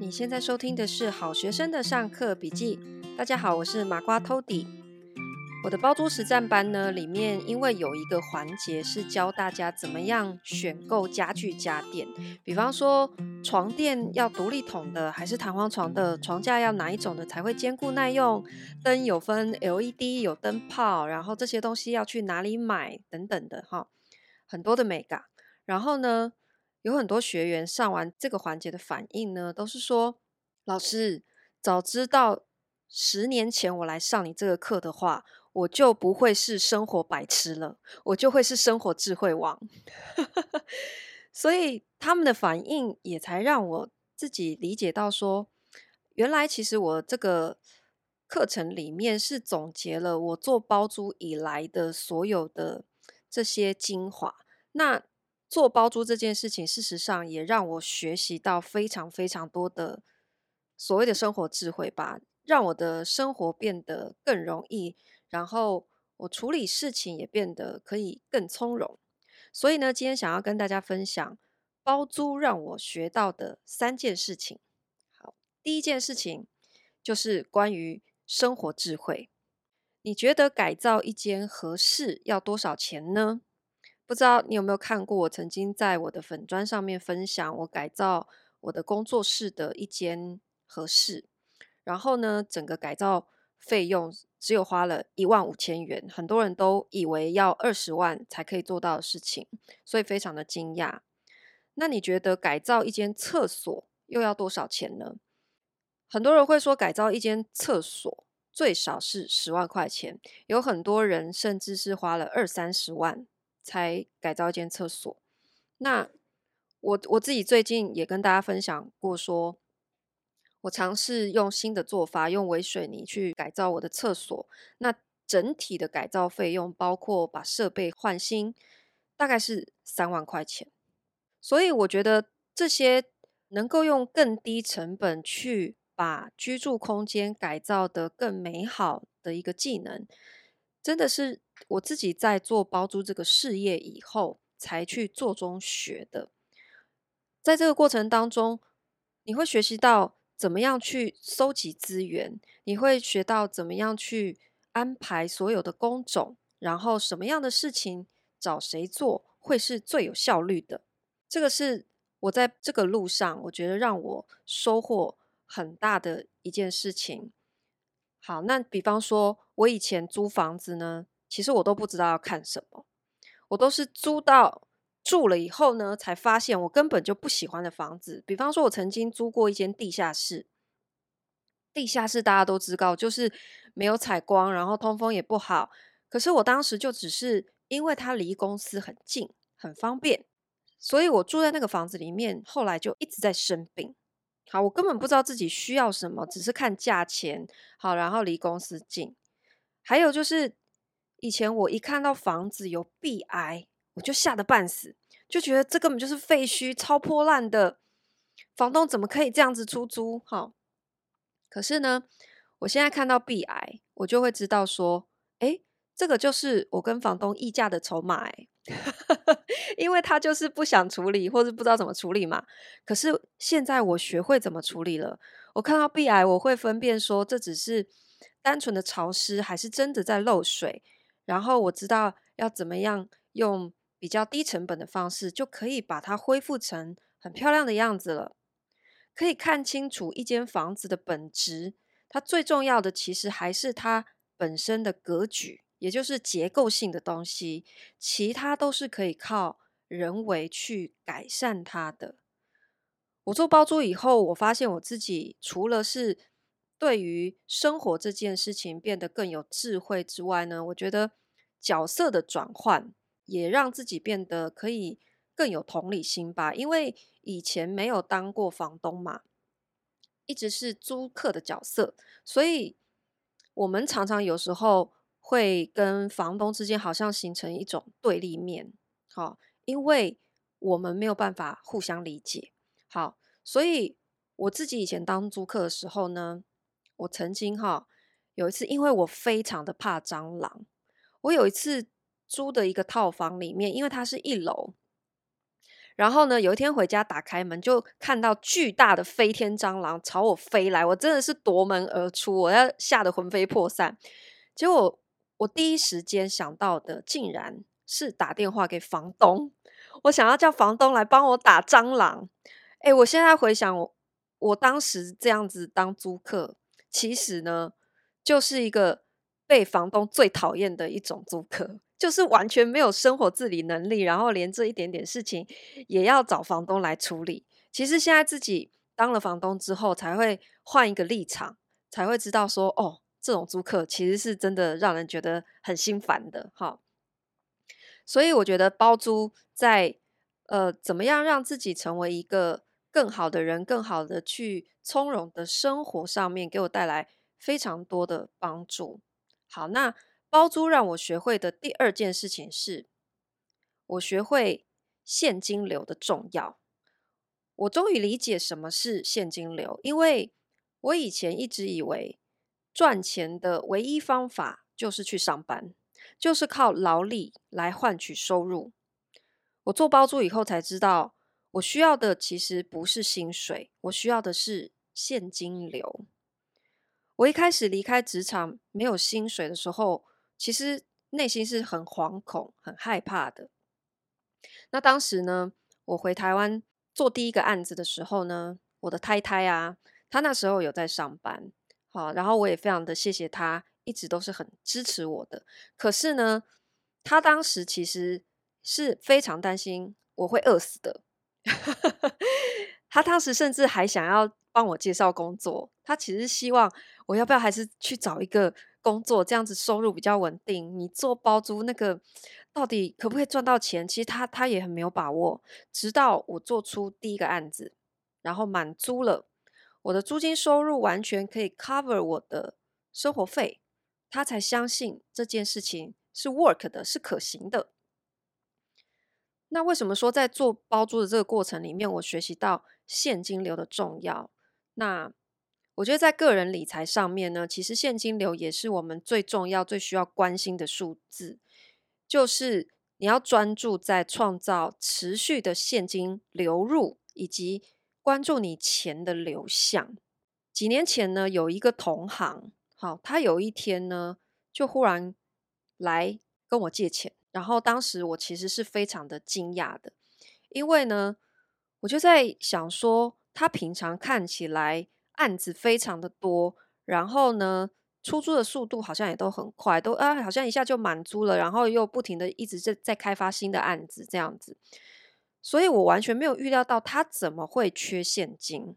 你現在收聽的是好學生的上課筆記。大家好，我是麻瓜 TODY。我的包租實戰班呢，裡面因為有一個環節是教大家怎麼樣選購家具家電，比方說床墊要獨立筒的還是彈簧床的，床架要哪一種的才會堅固耐用？燈有分 LED 有燈泡，然後這些東西要去哪裡買等等的哈，很多的美感。然後呢，有很多學員上完這個環節的反應呢，都是說：“老師，早知道十年前我來上你這個課的話，我就不會是生活白痴了，我就會是生活智慧王。 ”所以他們的反應也才讓我自己理解到說，說原來其實我這個課程裡面是總結了我做包租以來的所有的這些精華。那。做包租這件事情，事實上也讓我學習到非常非常多的所謂的生活智慧吧，讓我的生活變得更容易，然後我處理事情也變得可以更從容。所以呢，今天想要跟大家分享包租讓我學到的三件事情。好，第一件事情就是關於生活智慧。你覺得改造一間和室要多少錢呢？不知道你有沒有看過？我曾經在我的粉專上面分享我改造我的工作室的一間和室，然後呢，整個改造費用只有花了一萬五千元，很多人都以為要二十萬才可以做到的事情，所以非常的驚訝。那你覺得改造一間廁所又要多少錢呢？很多人會說，改造一間廁所最少是十萬塊錢，有很多人甚至是花了二三十萬。才改造一間廁所。那我我自己最近也跟大家分享過說，說我嘗試用新的做法，用微水泥去改造我的廁所。那整體的改造費用，包括把設備換新，大概是三萬塊錢。所以我覺得這些能夠用更低成本去把居住空間改造的更美好的一個技能，真的是我自己在做包租這個事業以後，才去做中學的。在這個過程當中，你會學習到怎麼樣去蒐集資源，你會學到怎麼樣去安排所有的工種，然後什麼樣的事情找誰做會是最有效率的。這個是我在這個路上，我覺得讓我收穫很大的一件事情。好，那比方說我以前租房子呢。其實我都不知道要看什麼，我都是租到住了以後呢，才發現我根本就不喜歡的房子。比方說，我曾經租過一間地下室，地下室大家都知道，就是沒有採光，然後通風也不好。可是我當時就只是因為它離公司很近，很方便，所以我住在那個房子裡面，後來就一直在生病。好，我根本不知道自己需要什麼，只是看價錢，好，然後離公司近，還有就是。以前我一看到房子有壁癌，我就嚇得半死，就覺得這根本就是廢墟、超破爛的，房東怎麼可以這樣子出租？哈、哦！可是呢，我現在看到壁癌，我就會知道說，哎、欸，這個就是我跟房東議價的籌碼、欸，哈哈哈，因為他就是不想處理，或是不知道怎麼處理嘛。可是現在我學會怎麼處理了，我看到壁癌，我會分辨說，這只是單純的潮濕，還是真的在漏水？然後我知道要怎麼樣用比較低成本的方式，就可以把它恢復成很漂亮的樣子了。可以看清楚一間房子的本質，它最重要的其實還是它本身的格局，也就是結構性的東西。其他都是可以靠人為去改善它的。我做包租以後，我發現我自己除了是對於生活這件事情變得更有智慧之外呢，我覺得。角色的轉換也讓自己變得可以更有同理心吧，因為以前沒有當過房東嘛，一直是租客的角色，所以我們常常有時候會跟房東之間好像形成一種對立面，好，因為我們沒有辦法互相理解，好，所以我自己以前當租客的時候呢，我曾經哈有一次，因為我非常的怕蟑螂。我有一次租的一個套房裡面，因為它是一樓，然後呢，有一天回家打開門就看到巨大的飛天蟑螂朝我飛來，我真的是奪門而出，我要嚇得魂飛魄散。結果我第一時間想到的，竟然是打電話給房東，我想要叫房東來幫我打蟑螂。誒，我現在回想我當時這樣子當租客，其實呢，就是一個。被房東最討厭的一種租客，就是完全沒有生活自理能力，然後連這一點點事情也要找房東來處理。其實現在自己當了房東之後，才會換一個立場，才會知道說，哦，這種租客其實是真的讓人覺得很心煩的。哈，所以我覺得包租在呃，怎麼樣讓自己成為一個更好的人，更好的去從容的生活上面，給我帶來非常多的幫助。好，那包租讓我學會的第二件事情是，我學會現金流的重要。我終於理解什麼是現金流，因為我以前一直以為賺錢的唯一方法就是去上班，就是靠勞力來換取收入。我做包租以後才知道，我需要的其實不是薪水，我需要的是現金流。我一開始離開職場沒有薪水的時候，其實內心是很惶恐、很害怕的。那當時呢，我回台灣做第一個案子的時候呢，我的太太啊，她那時候有在上班，好，然後我也非常的謝謝她，一直都是很支持我的。可是呢，她當時其實是非常擔心我會餓死的。她 當時甚至還想要。幫我介紹工作，他其實希望我要不要還是去找一個工作，這樣子收入比較穩定。你做包租那個到底可不可以賺到錢？其實他他也很沒有把握。直到我做出第一個案子，然後滿租了，我的租金收入完全可以 cover 我的生活費，他才相信這件事情是 work 的，是可行的。那為什麼說在做包租的這個過程裡面，我學習到現金流的重要？那我覺得在個人理財上面呢，其實現金流也是我們最重要、最需要關心的數字，就是你要專注在創造持續的現金流入，以及關注你錢的流向。幾年前呢，有一個同行，好，他有一天呢，就忽然來跟我借錢，然後當時我其實是非常的驚訝的，因為呢，我就在想說，他平常看起來案子非常的多，然後呢，出租的速度好像也都很快，都啊，好像一下就滿租了，然後又不停的一直在在開發新的案子這樣子，所以我完全沒有預料到他怎麼會缺現金，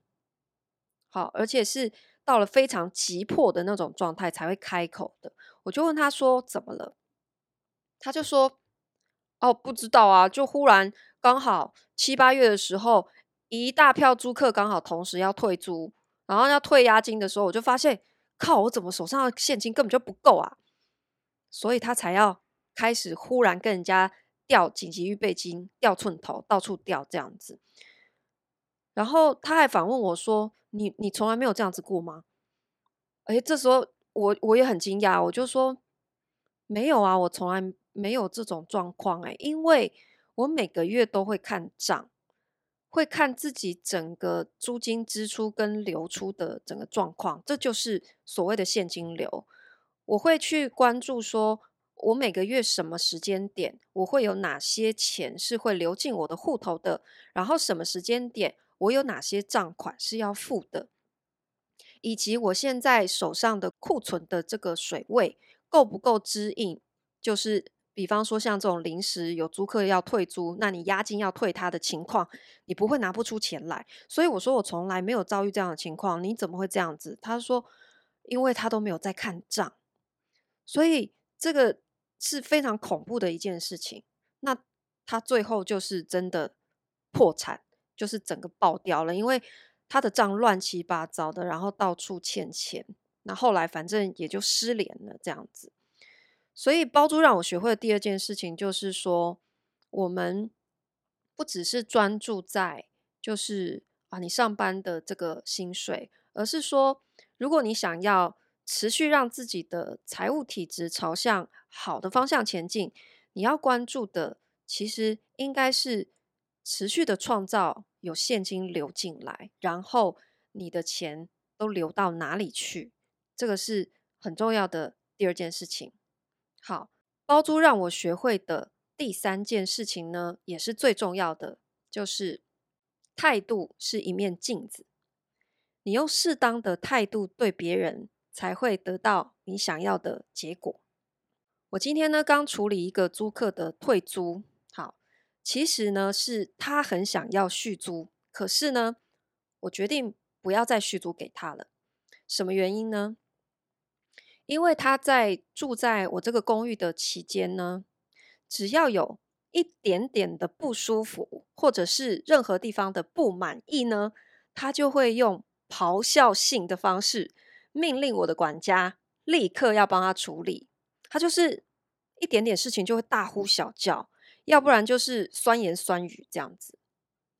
好，而且是到了非常急迫的那種狀態才會開口的，我就問他說怎麼了，他就說，哦，不知道啊，就忽然剛好七八月的時候。一大票租客剛好同時要退租，然後要退押金的時候，我就發現，靠，我怎麼手上的現金根本就不夠啊？所以他才要開始忽然跟人家調緊急預備金，調寸頭，到處調這樣子。然後他還反問我說：“你你從來沒有這樣子過嗎？”哎、欸，這時候我我也很驚訝，我就說：“沒有啊，我從來沒有這種狀況誒，因為我每個月都會看賬。”會看自己整個租金支出跟流出的整個狀況，這就是所謂的現金流。我會去關注說，說我每個月什麼時間點，我會有哪些錢是會流進我的戶頭的，然後什麼時間點我有哪些賬款是要付的，以及我現在手上的庫存的這個水位夠不夠支應，就是。比方說，像這種臨時有租客要退租，那你押金要退他的情況，你不會拿不出錢來。所以我說，我從來沒有遭遇這樣的情況。你怎麼會這樣子？他說，因為他都沒有在看賬，所以這個是非常恐怖的一件事情。那他最後就是真的破產，就是整個爆掉了，因為他的賬亂七八糟的，然後到處欠錢。那後來反正也就失聯了，這樣子。所以包租讓我學會的第二件事情，就是說，我們不只是專注在，就是啊，你上班的這個薪水，而是說，如果你想要持續讓自己的財務體質朝向好的方向前進，你要關注的，其實應該是持續的創造，有現金流進來，然後你的錢都流到哪裡去，這個是很重要的第二件事情。好，包租讓我學會的第三件事情呢，也是最重要的，就是態度是一面鏡子。你用適當的態度對別人，才會得到你想要的結果。我今天呢，剛處理一個租客的退租。好，其實呢，是他很想要續租，可是呢，我決定不要再續租給他了。什麼原因呢？因為他在住在我這個公寓的期間呢，只要有一點點的不舒服，或者是任何地方的不滿意呢，他就會用咆哮性的方式命令我的管家立刻要幫他處理。他就是一點點事情就會大呼小叫，要不然就是酸言酸語這樣子。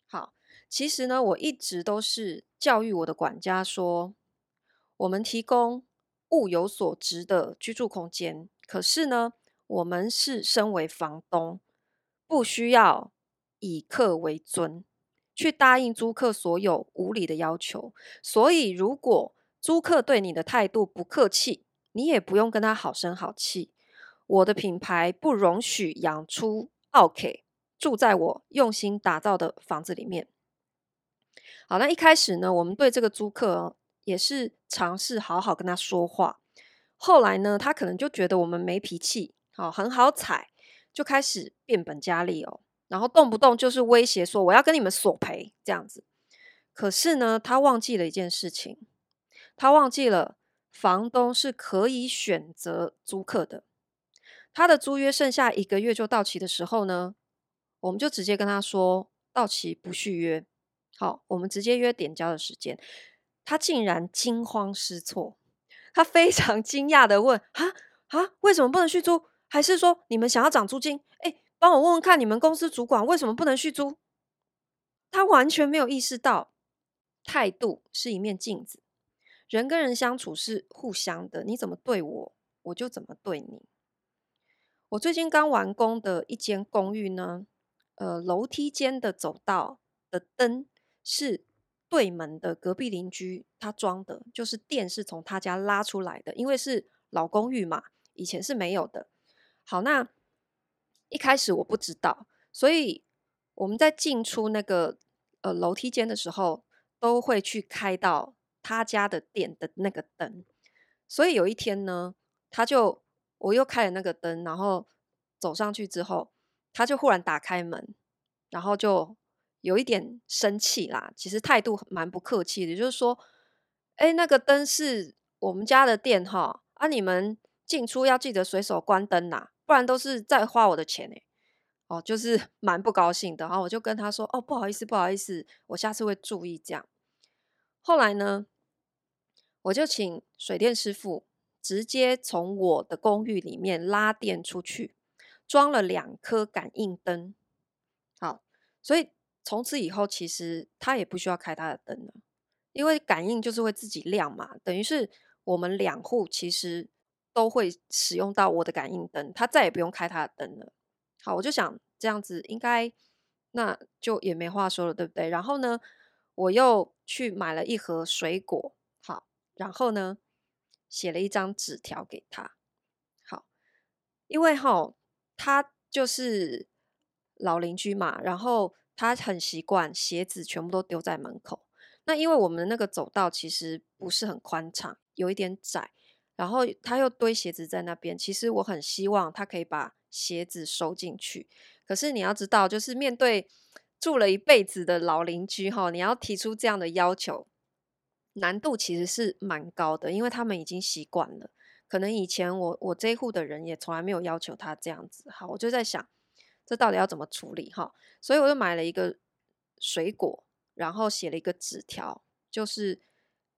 好，其實呢，我一直都是教育我的管家說，我們提供。物有所值的居住空間，可是呢，我們是身為房東，不需要以客為尊，去答應租客所有無理的要求。所以，如果租客對你的態度不客氣，你也不用跟他好聲好氣。我的品牌不容許養出奧客，住在我用心打造的房子裡面。好，那一開始呢，我們對這個租客啊。也是嘗試好好跟他說話，後來呢，他可能就覺得我們沒脾氣，好，很好踩，就開始變本加厲哦，然後動不動就是威脅說我要跟你們索賠這樣子。可是呢，他忘記了一件事情，他忘記了房東是可以選擇租客的。他的租約剩下一個月就到期的時候呢，我們就直接跟他說到期不續約，好，我們直接約點交的時間。他竟然驚慌失措，他非常驚訝的問：“啊啊，為什麼不能續租？還是說你們想要漲租金？哎、欸，幫我問問看，你們公司主管為什麼不能續租？”他完全沒有意識到，態度是一面鏡子，人跟人相處是互相的，你怎麼對我，我就怎麼對你。我最近剛完工的一間公寓呢，呃，樓梯間的走道的燈是。對門的隔壁鄰居，他裝的就是電是從他家拉出來的，因為是老公寓嘛，以前是沒有的。好，那一開始我不知道，所以我們在進出那個呃樓梯間的時候，都會去開到他家的電的那個燈。所以有一天呢，他就我又開了那個燈，然後走上去之後，他就忽然打開門，然後就。有一點生氣啦，其實態度蠻不客氣的，就是說，哎，那個燈是我們家的電哈，啊，你們進出要記得隨手關燈吶，不然都是在花我的錢哎，欸，哦，就是蠻不高興的。然後我就跟他說，哦，不好意思，不好意思，我下次會注意這樣。後來呢，我就請水電師傅直接從我的公寓裡面拉電出去，裝了兩顆感應燈，好，所以。從此以後，其實他也不需要開他的燈了，因為感應就是會自己亮嘛。等於是我們兩戶其實都會使用到我的感應燈，他再也不用開他的燈了。好，我就想這樣子應該，那就也沒話說了，對不對？然後呢，我又去買了一盒水果，好，然後呢，寫了一張紙條給他，好，因為哈，他就是老鄰居嘛，然後。他很習慣鞋子全部都丟在門口，那因為我們那個走道其實不是很寬敞，有一點窄，然後他又堆鞋子在那邊，其實我很希望他可以把鞋子收進去。可是你要知道，就是面對住了一輩子的老鄰居哈，你要提出這樣的要求，難度其實是蠻高的，因為他們已經習慣了。可能以前我我這一戶的人也從來沒有要求他這樣子。好，我就在想。這到底要怎麼處理哈、哦？所以我又買了一個水果，然後寫了一個紙條，就是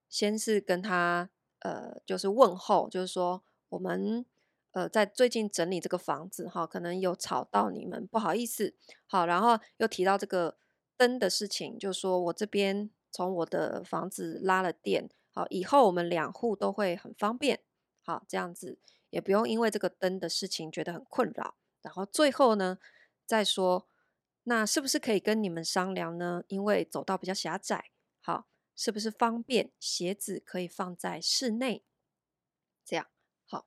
先是跟他呃，就是問候，就是說我們呃在最近整理這個房子哈、哦，可能有吵到你們，不好意思。好，然後又提到這個燈的事情，就是說我這邊從我的房子拉了電，好，以後我們兩戶都會很方便，好，這樣子也不用因為這個燈的事情覺得很困擾。然後最後呢？再說，那是不是可以跟你們商量呢？因為走道比較狹窄，好，是不是方便鞋子可以放在室內？這樣好。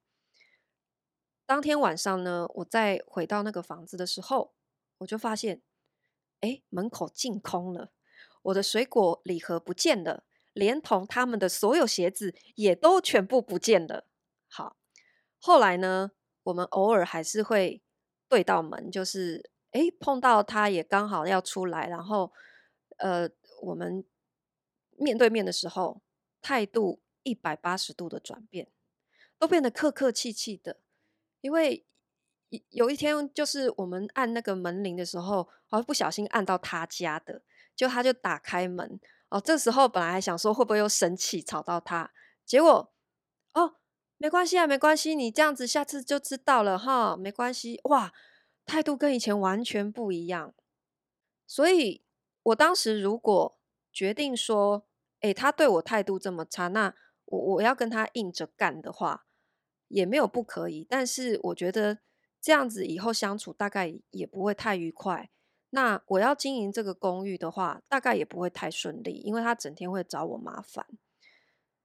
當天晚上呢，我再回到那個房子的時候，我就發現，哎，門口淨空了，我的水果禮盒不見了，連同他們的所有鞋子也都全部不見了。好，後來呢，我們偶爾還是會。對到門就是，誒，碰到他也剛好要出來，然後，呃，我們面對面的時候，態度一百八十度的轉變，都變得客客氣氣的。因為有一天，就是我們按那個門鈴的時候，好像不小心按到他家的，就他就打開門，哦，這時候本來還想說會不會又生氣吵到他，結果，沒關係啊，沒關係，你這樣子下次就知道了哈，沒關係。哇，態度跟以前完全不一樣，所以我當時如果決定說，誒，他對我態度這麼差，那我我要跟他硬着幹的話，也沒有不可以。但是我覺得這樣子以後相處大概也不會太愉快。那我要經營這個公寓的話，大概也不會太順利，因為他整天會找我麻煩。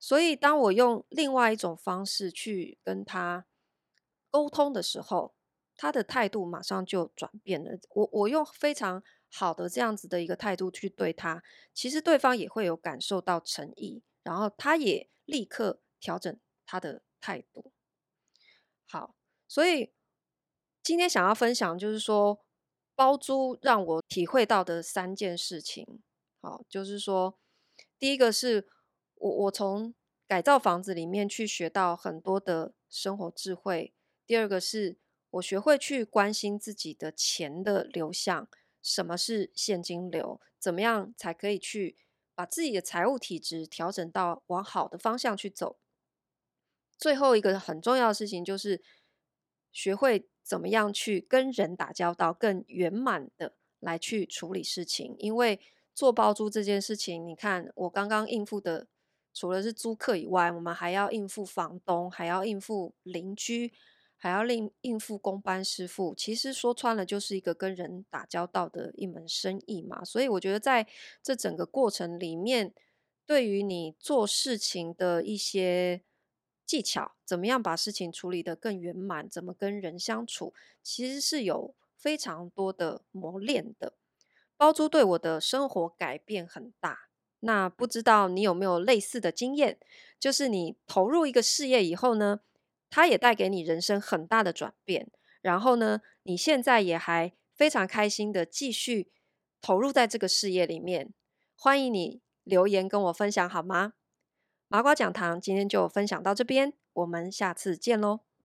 所以，當我用另外一種方式去跟他溝通的時候，他的態度馬上就轉變了。我我用非常好的這樣子的一個態度去對他，其實對方也會有感受到誠意，然後他也立刻調整他的態度。好，所以今天想要分享就是說，包租讓我體會到的三件事情。好，就是說，第一個是。我我從改造房子裡面去學到很多的生活智慧。第二個是我學會去關心自己的錢的流向，什麼是現金流，怎麼樣才可以去把自己的財務體質調整到往好的方向去走。最後一個很重要的事情就是學會怎麼樣去跟人打交道，更圓滿的來去處理事情。因為做包租這件事情，你看我剛剛應付的。除了是租客以外，我們還要應付房東，還要應付鄰居，還要另應付工班師傅。其實說穿了，就是一個跟人打交道的一門生意嘛。所以我覺得在這整個過程裡面，對於你做事情的一些技巧，怎麼樣把事情處理得更圓滿，怎麼跟人相處，其實是有非常多的磨練的。包租對我的生活改變很大。那不知道你有沒有類似的經驗？就是你投入一個事業以後呢，它也帶給你人生很大的轉變。然後呢，你現在也還非常開心的繼續投入在這個事業裡面。歡迎你留言跟我分享好嗎？麻瓜講堂今天就分享到這邊，我們下次見嘍。